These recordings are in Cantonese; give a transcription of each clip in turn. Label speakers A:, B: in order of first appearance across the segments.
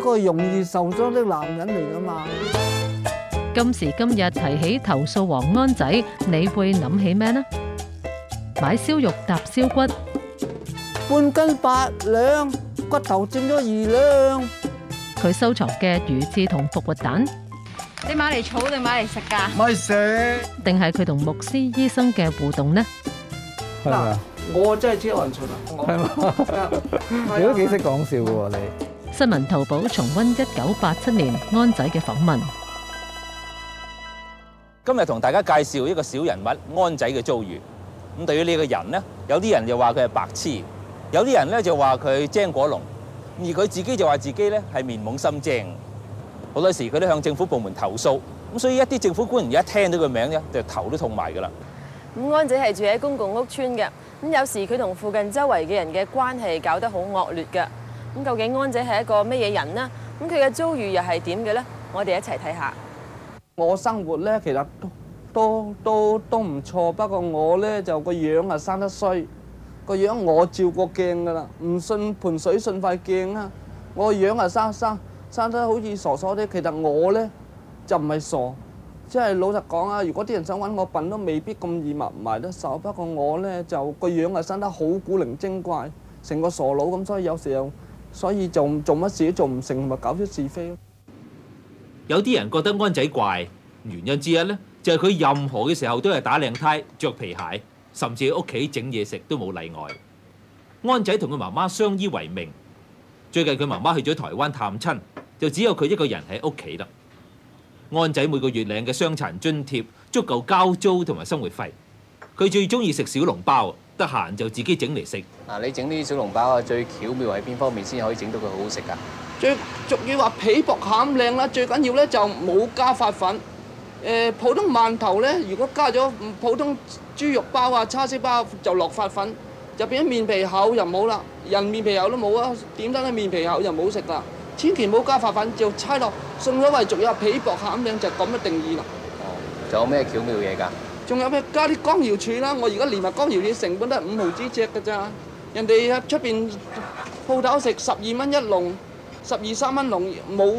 A: 一個容易受傷的男人嚟噶嘛？今時
B: 今日提
C: 起投訴王安仔，你會諗起咩呢？買燒肉搭燒骨，
A: 半斤八兩，
C: 骨頭佔咗二兩。佢收藏嘅魚翅同復活蛋，
D: 你買嚟儲定買嚟食噶？買食。
C: 定係佢同牧師醫生嘅互動呢？啊、
D: 我真係知
A: 有人存啊！你都幾識講笑嘅 喎 你，你？
C: 新聞淘寶重温一九八七年安仔嘅訪問。今日同大家介紹一個小人物安仔嘅遭遇。咁對於呢個人呢，有啲人就話佢係白痴，有啲人咧就話佢精過龍，而佢自己就話自己咧係面懵心精。好多時佢都向政府部門投訴，咁所以一啲政府官員一聽到佢名咧就頭都痛埋㗎喇。咁
D: 安仔係住喺公共屋邨嘅，咁有時
C: 佢同附近周圍嘅人嘅關係搞得好惡劣㗎。咁究竟安仔係一個乜嘢人呢？咁佢嘅遭遇又係點嘅咧？我哋一齊睇下。
A: 我生活咧，其實都都都都唔錯。不過我咧就個樣啊，生得衰。個樣我照過鏡噶啦，唔信盆水信塊鏡啊。我樣啊，生生生得好似傻傻啲。其實我咧就唔係傻，即係老實講啊。如果啲人想揾我笨，都未必咁易抹埋得手。不過我咧就個樣啊，生得好古靈精怪，成個傻佬咁，所以有時候所以做做乜事都做唔
C: 成，咪搞出是非咯。有啲人覺得安仔怪，原因之一呢就係佢任何嘅時候都係打領呔、著皮鞋，甚至喺屋企整嘢食都冇例外。安仔同佢媽媽相依為命，最近佢媽媽去咗台灣探親，就只有佢一個人喺屋企啦。安仔每個月領嘅傷殘津貼足夠交租同埋生活費，佢最中意食小籠包。得閒就自己整嚟食。
B: 嗱，你整啲小籠包啊，最巧妙喺邊方面先可以整到佢好好食㗎？
C: 最
A: 俗語話皮薄餡靚啦，最緊要咧就冇加發粉。誒，普通饅頭咧，如果加咗普通豬肉包啊、叉燒包就落發粉，入面麵皮厚又冇啦。人面皮厚都冇啊，點解咧麵皮厚又冇食㗎？千祈冇加發粉，就猜落順手為俗語話皮薄餡靚就咁嘅定義啦。
B: 哦，仲有咩巧妙嘢㗎？
A: 仲有咩加啲江瑤柱啦！我而家連埋江瑤柱成本都係五毫子隻嘅咋？人哋喺出邊鋪頭食十二蚊一籠，十二三蚊籠冇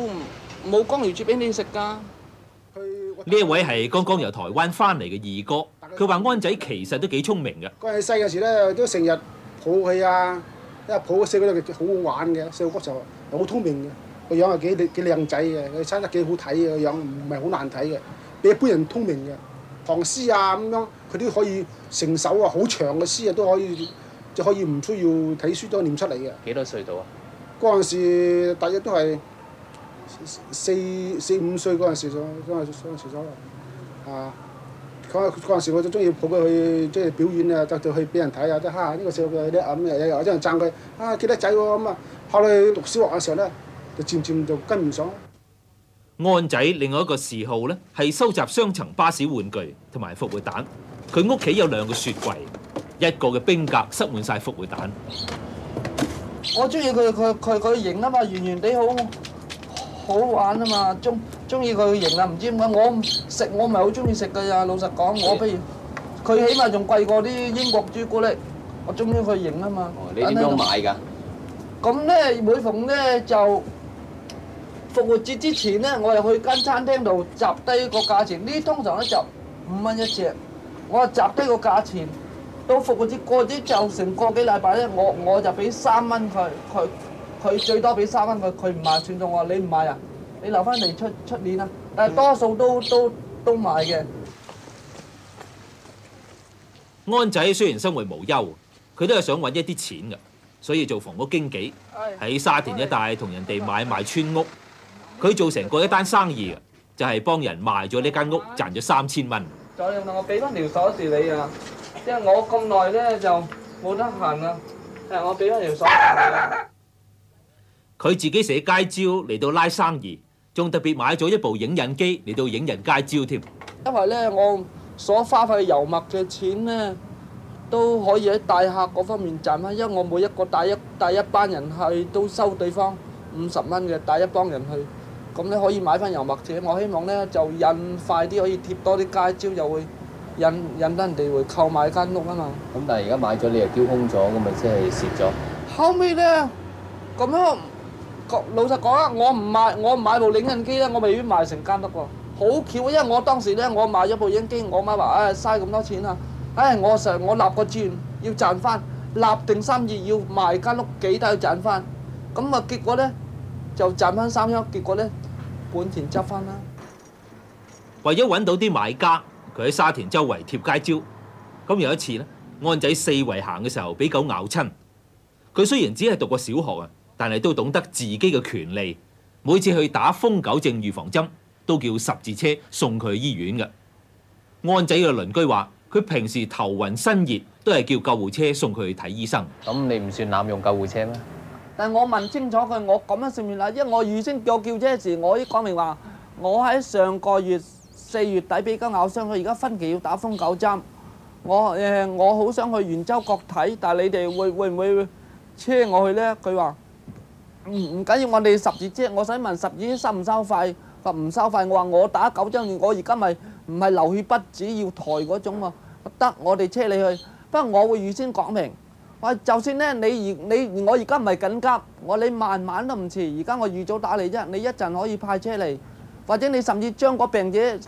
A: 冇江瑤柱俾你食㗎。
C: 呢一位係剛剛由台灣翻嚟嘅二哥，佢話安仔其實都幾聰明
D: 嘅。嗰陣細嗰時咧，都成日抱佢啊，因為抱佢細嗰陣好好玩嘅，細個嗰時候又好聰明嘅，個樣又幾幾靚仔嘅，佢生得幾好睇嘅，個樣唔係好難睇嘅，比一般人聰明嘅。唐詩啊咁樣，佢都可以成首啊好長嘅詩啊都可以，就可以唔需要睇書都念出嚟嘅。
B: 幾多歲到啊？
D: 嗰陣時大約都係四四五歲嗰陣時咗，嗰陣時嗰陣時咗，啊！嗰嗰陣時我就中意抱佢去即係表演啊，就就去俾人睇啊！即係嚇呢個小朋友叻咁，日日又有人贊佢啊幾叻仔喎咁啊！後來讀小學嘅時候咧，就漸漸就跟唔上。
C: 安仔另外一個嗜好咧，係收集雙層巴士玩具同埋復活蛋，佢屋企有兩個雪櫃，一個嘅冰格塞滿晒復活蛋。
A: 我中意佢佢佢佢形啊嘛，圓圓地好好玩啊嘛，中中意佢嘅形啊。唔知點解我食我唔係好中意食噶呀？老實講，我不如佢起碼仲貴過啲英國朱古力，我中意佢形啊嘛。哦，你點樣買噶？咁咧，每逢咧就。復活節之前咧，我又去間餐廳度集低個價錢。呢通常咧就五蚊一隻，我話集低個價錢。到復活節過啲就成個幾禮拜咧，我我就俾三蚊佢，佢佢最多俾三蚊佢，佢唔賣算數。我話你唔賣啊？你留翻嚟出出年啊。但係多數都都都買嘅。
C: 安仔雖然生活無憂，佢都係想揾一啲錢㗎，所以做房屋經紀喺沙田一帶同人哋買賣村屋。佢做成過一單生意嘅，就係幫人賣咗呢間屋，賺咗三千蚊。
A: 就係我俾翻條鎖匙你啊，因為我咁耐咧就冇得閒啦。係我俾翻條鎖匙你。
C: 佢自己寫街招嚟到拉生意，仲特別買咗一部影印機嚟到影人街招添。
A: 因為咧，我所花費油墨嘅錢咧，都可以喺大客嗰方面賺啦。因為我每一個帶一帶一班人去，都收對方五十蚊嘅帶一幫人去。咁你可以買翻油墨者，我希望咧就印快啲可以貼多啲街招，就會引引得人哋會購買間屋啊嘛。咁
B: 但係而家買咗你又丟空咗，咁咪即係蝕咗。
A: 後尾咧咁樣講老實講啊，我唔賣我唔買部影印機啦，我未必買成間屋喎。好巧啊，因為我當時咧我買咗部影機，我媽話啊嘥咁多錢啊，唉我成我立個志願要賺翻，立定心志要賣間屋幾多都要賺翻，咁啊結果咧就賺翻三億，結果咧～本田執翻
C: 啦！為咗揾到啲買家，佢喺沙田周圍貼街招。咁有一次呢，安仔四圍行嘅時候俾狗咬親。佢雖然只係讀過小學啊，但係都懂得自己嘅權利。每次去打瘋狗症預防針，都叫十字車送佢去醫院嘅。安仔嘅鄰居話，佢平時頭暈身熱都係叫救護車送佢去睇醫生。咁你唔算濫用救護車咩？
A: 但係我問清楚佢，我咁樣算唔算啦，因為我預先我叫叫車時，我已講明話，我喺上個月四月底俾狗咬傷咗，而家分期要打瘋狗針。我誒，我好想去圓洲角睇，但係你哋會會唔會車我去咧？佢話唔，唔緊要，我哋十字啫，我使問十字收唔收費？話唔收費，我話我打九針，我而家咪唔係流血不止要抬嗰種喎，得，我哋車你去，不過我會預先講明。我就算咧，你而你我而家唔係緊急，我你慢慢都唔遲。而家我預早打嚟啫，你一陣可以派車嚟，或者你甚至將個病者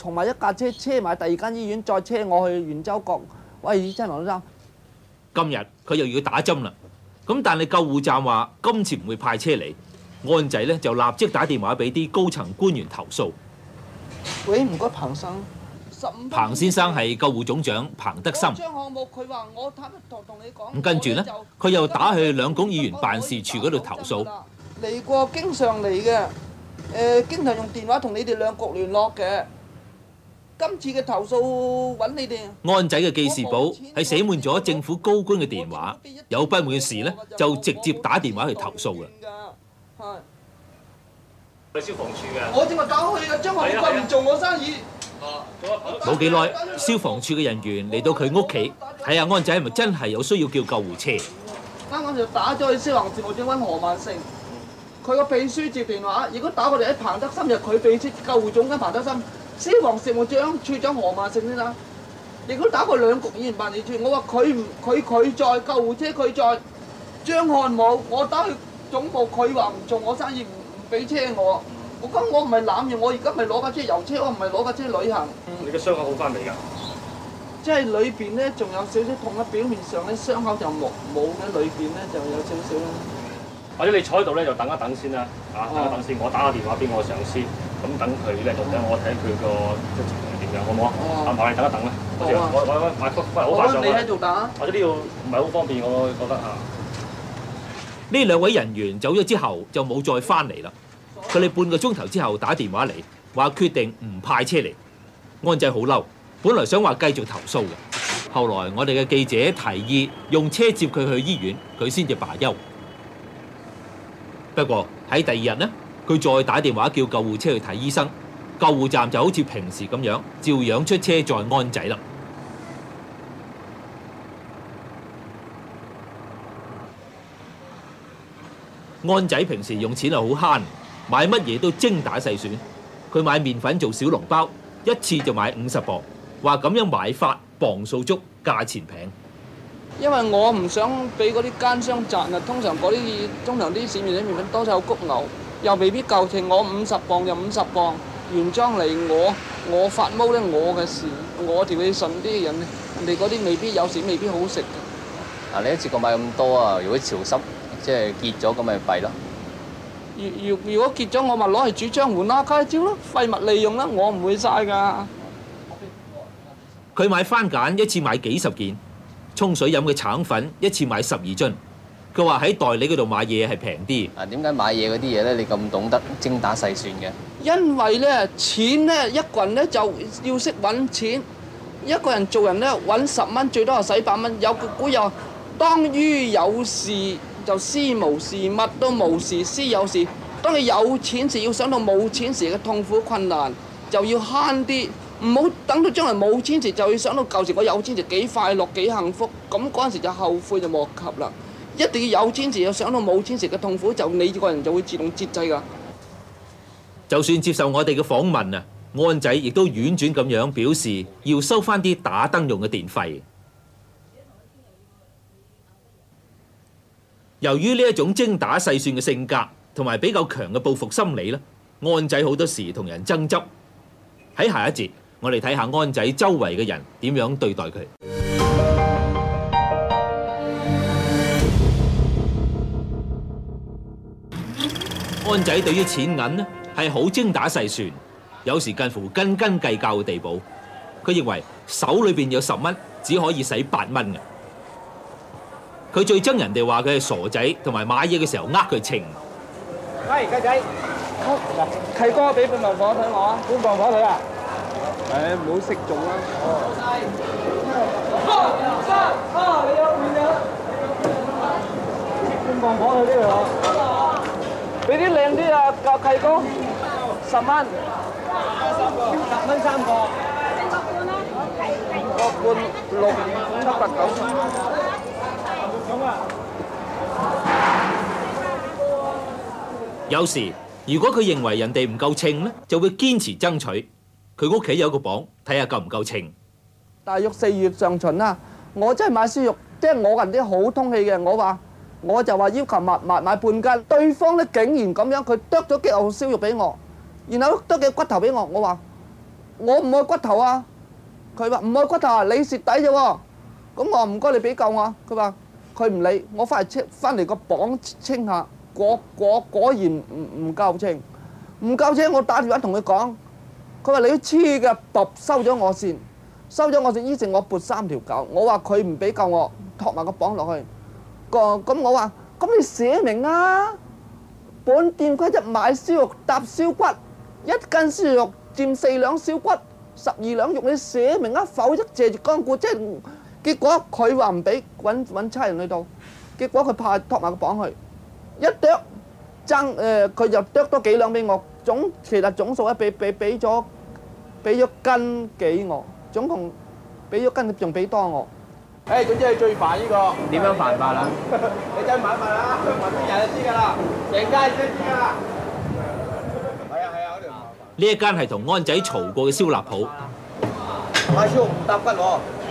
A: 同埋一架車車埋第二間醫院，再車我去圓洲角。喂，醫生黃醫生，
C: 今日佢又要打針啦。咁但係救護站話今次唔會派車嚟，安仔咧就立即打電話俾啲高層官員投訴。
A: 喂，唔該，彭生。彭先
C: 生係救護總長彭德森。張
A: 項目佢話：我坦白同同你講。咁跟住咧，
C: 佢又打去兩局議員辦事處嗰度投訴。
A: 嚟過經常嚟嘅，誒經常用電話同你哋兩局聯絡嘅。今次嘅投訴揾你哋。
C: 安仔嘅記事簿係寫滿咗政府高官嘅電話，有不滿嘅事咧就直接打電話去投訴嘅。
A: 係。
B: 去消防處嘅。我正話打去啊！張項目唔做
A: 我生意。
C: 冇幾耐，消防處嘅人員嚟到佢屋企睇下安仔係咪真係有需要叫
D: 救護車。
A: 啱啱就打咗去消防事務處，我想問何萬勝，佢個秘書接電話。如果打過嚟喺彭德森就，佢秘書救護總監彭德森，消防事務長處長何萬勝先啦。如果打過兩局議員辦事處，我話佢唔，佢佢在，救護車佢在，張漢武，我打去總部，佢話唔做我生意，唔唔俾車我。我今我唔係攬住，我而家咪攞架車遊車，我唔係攞架車旅行。
D: 嗯、你嘅傷口好翻嚟㗎？
A: 即係裏邊咧，仲有少少痛啊！表面上咧，傷口就冇
C: 冇嘅，裏邊咧就有少少。或者你坐喺度咧，就等一等先啦，嚇、哦啊、等一等先，我打個電話俾我上司，咁等佢嚟咧，我睇佢個即情況點樣，好唔好啊？哦啊，你等一等啦。哦，喺度、啊、打？或者呢度唔係好方便我，覺得啊。呢兩位人員走咗之後，就冇再翻嚟啦。佢哋半個鐘頭之後打電話嚟，話決定唔派車嚟，安仔好嬲。本來想話繼續投訴嘅，後來我哋嘅記者提議用車接佢去醫院，佢先至罷休。不過喺第二日呢，佢再打電話叫救護車去睇醫生，救護站就好似平時咁樣，照樣出車載安仔啦。安仔平時用錢係好慳。買乜嘢都精打細算，佢買麵粉做小籠包，一次就買五十磅，話咁樣買法磅數足，價錢平。
A: 因為我唔想俾嗰啲奸商賺啊，通常嗰啲，通常啲市面啲麵粉多數有谷牛，又未必夠稱。我五十磅又五十磅原裝嚟，我我發毛咧，我嘅事。我條你信啲人，人哋嗰啲未必有時未必好食嘅。啊！
B: 你一次過買咁多啊？如果潮濕即係結咗咁咪弊咯。
A: 如如如果結咗，我咪攞去煮漿糊啦加蕉咯，廢物利用啦，我唔會嘥㗎。
C: 佢買番梘一次買幾十件，沖水飲嘅橙粉一次買十二樽。佢話喺代理嗰度買嘢係平啲。啊，點解買嘢嗰啲嘢咧？你咁
B: 懂得精打細算嘅？
A: 因為咧，錢咧，一個人咧就要識揾錢。一個人做人咧揾十蚊最多就使百蚊。有個股友當於有事，就思無事，乜都無事；思有事，當你有錢時要想到冇錢時嘅痛苦困難，就要慳啲，唔好等到將來冇錢時就要想到舊時我有錢時幾快樂幾幸福。咁嗰陣時就後悔就莫及啦。一定要有錢時要想到冇錢時嘅痛苦，就你個人就會自動節制㗎。
C: 就算接受我哋嘅訪問啊，安仔亦都婉轉咁樣表示要收翻啲打燈用嘅電費。由於呢種精打細算嘅性格，同埋比較強嘅報復心理，安仔好多時同人爭執。喺下一節，我哋睇下安仔周圍嘅人點樣對待佢。安仔對於錢銀係好精打細算，有時近乎斤斤計較嘅地步。佢認為手裏面有十蚊，只可以使八蚊佢最憎人哋話佢係傻仔，同埋買嘢嘅時候呃佢秤。喂，
A: 雞仔，契哥俾半磅火腿我啊，半磅火腿啊。誒，唔好識做啦。好細。三、三、三，你有半嘅。半磅火腿啲嚟講。俾啲靚啲啊，契哥，十蚊。十蚊三個。十蚊三個。個半啦。個半六、五、七、八、九。
C: 有時如果佢認為人哋唔夠稱咧，就會堅持爭取。佢屋企有個磅，睇下夠唔夠稱。
A: 大約四月上旬啦，我真係買燒肉，即係我人啲好通氣嘅，我話我就話要求買買買半斤，對方咧竟然咁樣，佢剁咗幾嚿燒肉俾我，然後剁幾嚿骨頭俾我，我話我唔愛骨頭啊，佢話唔愛骨頭啊，你蝕底啫喎，咁我唔該你俾夠我，佢話。佢唔理，我翻嚟清翻嚟個磅稱下，果果果然唔唔夠稱，唔夠稱，我打電話同佢講，佢話你黐腳毒，收咗我線，收咗我線，依剩我撥三條狗，我話佢唔俾夠我，託埋個磅落去，個咁我話，咁你寫明啊，本店規則買燒肉搭燒骨，一斤燒肉佔四兩燒骨，十二兩肉你寫明啊，否則謝絕光顧，即係。結果佢話唔俾揾揾差人去到，結果佢怕託埋個磅去，一剁爭誒佢就剁多幾兩俾我，總其實總數一俾俾俾咗俾咗斤幾我，總共俾咗斤仲俾多我。
C: 誒，總之係最煩呢個，點樣煩法啦？你真問問啦，問啲人就知噶啦，成街都知噶啦。係啊係啊，呢一間係同安仔嘈過嘅燒臘鋪。
B: 賣燒肉唔搭骨喎。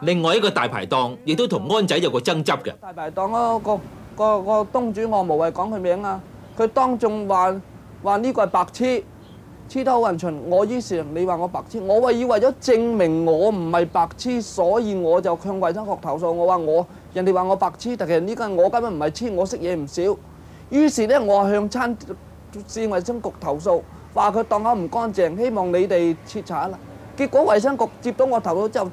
C: 另外一個大排檔亦都同安仔有個爭執嘅大
A: 排檔咯，個個個東主我無謂講佢名啊。佢當眾話話呢個係白痴，痴得好勻巡。我於是你話我白痴，我係以為咗證明我唔係白痴，所以我就向衞生局投訴。我話我人哋話我白痴，但其實呢間我根本唔係黐，我識嘢唔少。於是咧，我向餐市衞生局投訴，話佢檔口唔乾淨，希望你哋徹查啦。結果衞生局接到我投訴之後，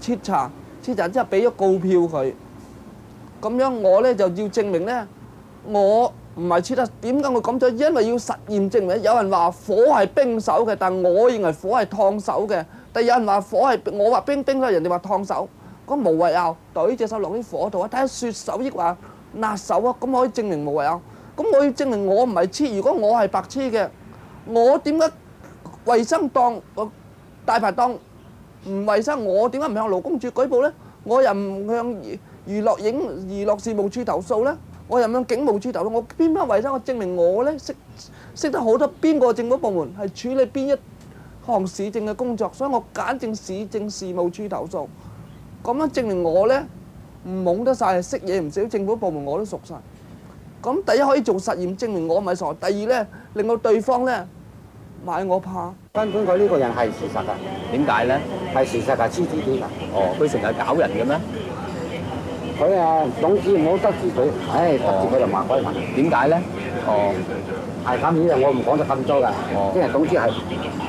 A: 徹查，徹查之後俾咗告票佢，咁樣我咧就要證明咧，我唔係黐啊！點解我噉做？因為要實驗證明。有人話火係冰手嘅，但我認為火係燙手嘅。但有人話火係，我話冰冰啦，人哋話燙手。咁無謂啊！袋啲隻手落啲火度啊！睇下雪手亦話辣手啊！咁可以證明無謂啊！咁我要證明我唔係黐。如果我係白痴嘅，我點解衞生檔個大排檔？唔衞生，我點解唔向勞工處舉報呢？我又唔向娛樂影娛樂事務處投訴呢？我又唔向警務處投訴，我邊乜衞生？我證明我呢，識識得好多邊個政府部門係處理邊一項市政嘅工作，所以我揀正市政事務處投訴。咁樣證明我呢，唔懵得曬，識嘢唔少，政府部門我都熟曬。咁第一可以做實驗證明我唔係傻，第二呢，令到對方呢，買我怕。根本佢呢個人
B: 係事實㗎，點解呢？係事實係黐黐哋㗎，哦，佢
A: 成日搞人嘅咩？佢啊，總之唔好得罪佢，唉，得罪佢就麻鬼煩。點解咧？哦，係咁，我唔講就咁多㗎。哦，啲人總之係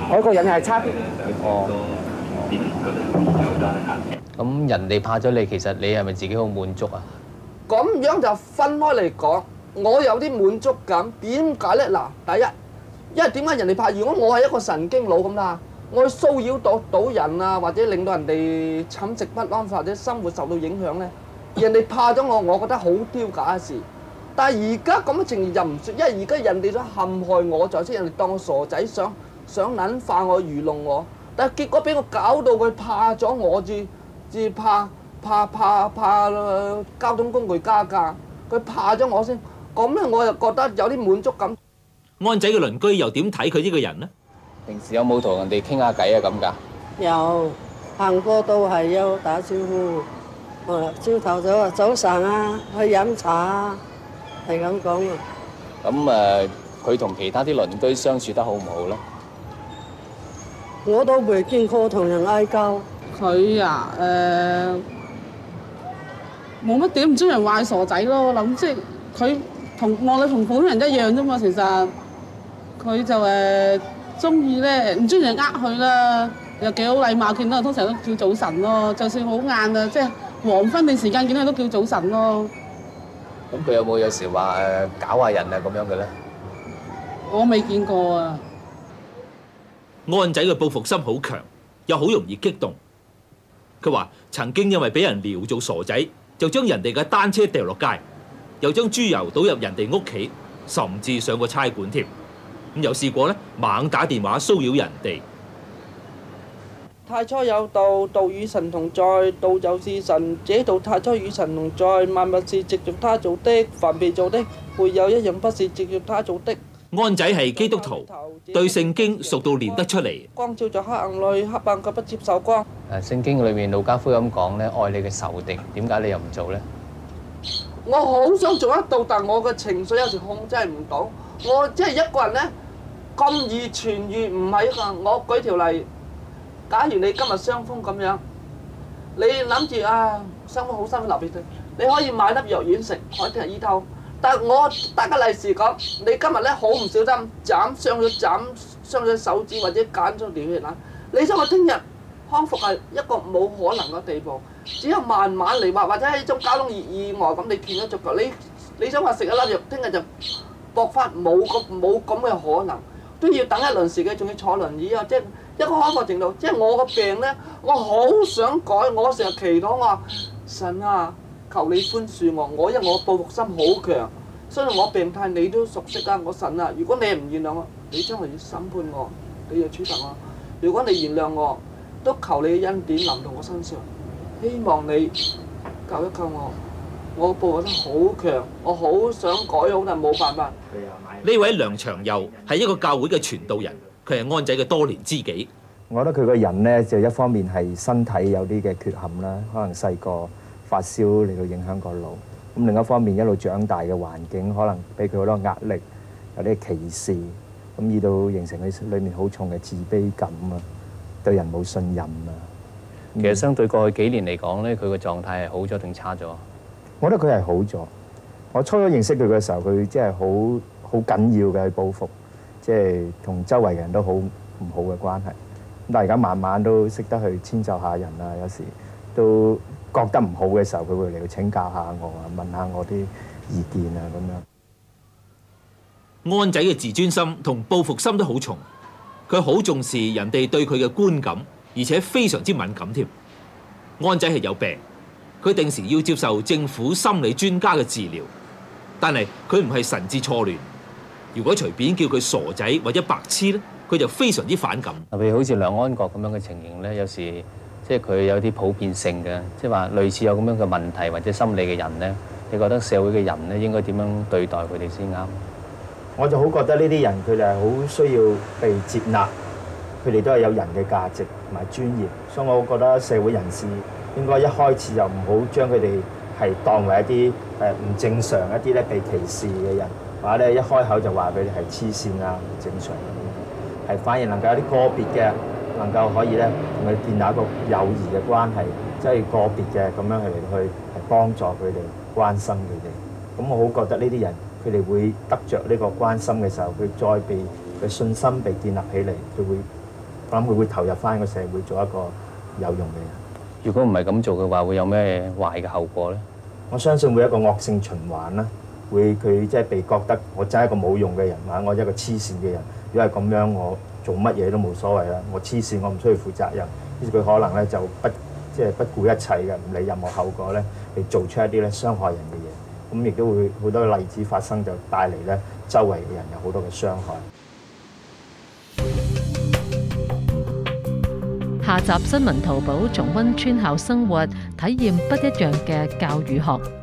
A: 我個人係差啲。哦。
B: 咁人哋怕咗你，其實你係咪自己好滿足啊？
A: 咁樣就分開嚟講，我有啲滿足感。點解咧？嗱，第一，因為點解人哋怕？如果我係一個神經佬咁啦。我去騷擾到到人啊，或者令到人哋寢食不安或者生活受到影響呢。人哋怕咗我，我覺得好丟架嘅事。但係而家咁嘅情形，就唔算，因為而家人哋都陷害我，就即係人哋當我傻仔，想想撚化我愚弄我。但係結果俾我搞到佢怕咗我，至至怕怕怕怕，怕，怕交通工具加價，佢怕咗我先。咁咧，我又覺得有啲滿足感。
C: 安仔嘅鄰
B: 居又點睇佢呢個人呢？平時有冇同人哋傾下偈啊？咁噶
A: 有行過都係有打招呼，朝頭早啊，早晨啊，去飲茶啊，係咁講啊。
B: 咁誒，佢同其他啲鄰居相處得好唔好咧？
A: 我都未見過同人嗌交。佢啊，誒冇乜點唔中意人壞傻仔咯，諗即係佢同我哋同普通人一樣啫嘛。其實佢就誒。中意咧，唔中意人呃佢啦，又幾好禮貌，見到通常都叫早晨咯。就算好晏啊，即係黃昏嘅時間見到佢都叫早晨咯。
C: 咁佢有冇有，有時話搞下人啊咁樣嘅咧？
A: 我未見
C: 過啊。安仔嘅報復心好強，又好容易激動。佢話曾經因為俾人撩做傻仔，就將人哋嘅單車掉落街，又將豬油倒入人哋屋企，甚至上過差館添。咁有試過呢，猛打電話騷擾人哋。
A: 太初有道，道與神同在，道就是神，這道太初與神同在，萬物是藉著他做的，凡被做的，沒有一樣不是藉著他做的。
C: 安仔係基督徒，對聖經熟到唸得出嚟。
A: 光照在黑暗裏，黑暗卻不接受光。
B: 誒，聖經裏面路加福音講呢，愛你嘅仇敵，點解你又唔做呢？
A: 我好想做得到，但我嘅情緒有時控制唔到。我即係一個人咧，咁易痊癒唔係噶。我舉條例，假如你今日傷風咁樣，你諗住啊，傷風好辛苦，流鼻水，你可以買粒藥丸食，可以聽日醫透。但係我打個例示講，你今日咧好唔小心斬傷咗斬傷咗手指，或者揀咗條血脈，你想我聽日康復係一個冇可能嘅地步，只有慢慢嚟，或或者係一種交通意外，咁你斷咗隻腳。你你想話食一粒藥，聽日就？爆發，冇咁冇咁嘅可能，都要等一段時間，仲要坐輪椅啊！即係一個開放程度，即係我個病咧，我好想改，我成日祈禱話神啊，求你寬恕我，我因為我報復心好強，所以我病態你都熟悉啦，我神啊，如果你唔原諒我，你將來要審判我，你要處罰我，如果你原諒我，都求你嘅恩典臨到我身上，希望你救一救我。我個報復心好強，我好想改
C: 咗，好難，冇辦法。呢位梁長佑係一個教會嘅傳道人，佢係安仔嘅多年知己。
D: 我覺得佢個人呢，就一方面係身體有啲嘅缺陷啦，可能細個發燒嚟到影響個腦。咁另一方面一路長大嘅環境，可能俾佢好多壓力，有啲歧視，咁以到形成佢裏面好重嘅自卑感啊，對人冇信任啊。
B: 其實相對過去幾年嚟講呢，佢個狀態係好咗定差咗？
D: 我覺得佢係好咗。我初初認識佢嘅時候，佢即係好好緊要嘅報復，即係同周圍人都好唔好嘅關係。咁但係而家慢慢都識得去遷就下人啊，有時都覺得唔好嘅時候，佢會嚟去請教下我啊，問下我啲意見啊咁樣。
C: 安仔嘅自尊心同報復心都好重，佢好重視人哋對佢嘅觀感，而且非常之敏感添。安仔係有病。佢定時要接受政府心理專家嘅治療，但係佢唔係神志錯亂。如果隨便叫佢傻仔或者白痴咧，佢就非常之反感。
B: 譬如好似梁安國咁樣嘅情形咧，有時即係佢有啲普遍性嘅，即係話類似有咁樣嘅問題或者心理嘅人咧，你覺得社會嘅人咧應該點樣對待佢哋先啱？
D: 我就好覺得呢啲人佢哋係好需要被接納，佢哋都係有人嘅價值同埋尊嚴，所以我覺得社會人士，應該一開始就唔好將佢哋係當為一啲誒，唔正常一啲咧，被歧視嘅人，或者咧一開口就話佢哋係黐線啊，正常的，係反而能夠有啲個別嘅能夠可以咧同佢建立一個友誼嘅關係，即係個別嘅咁樣嚟去係幫助佢哋、關心佢哋。咁我好覺得呢啲人佢哋會得着呢個關心嘅時候，佢再被佢信心被建立起嚟，佢會諗佢會投入翻個社會做一個有用嘅人。
B: 如果唔係咁做嘅話，會有咩壞嘅後果呢？
D: 我相信會一個惡性循環啦。會佢即係被覺得我真係一個冇用嘅人，或者我一個黐線嘅人。如果係咁樣，我做乜嘢都冇所謂啦。我黐線，我唔需要負責任。於是佢可能咧就不即係、就是、不顧一切嘅，唔理任何後果咧嚟做出一啲咧傷害人嘅嘢。咁亦都會好多例子發生，就帶嚟咧周圍嘅人有好多嘅傷害。
C: 下集新聞淘寶，重溫村校生活，體驗不一樣嘅教育學。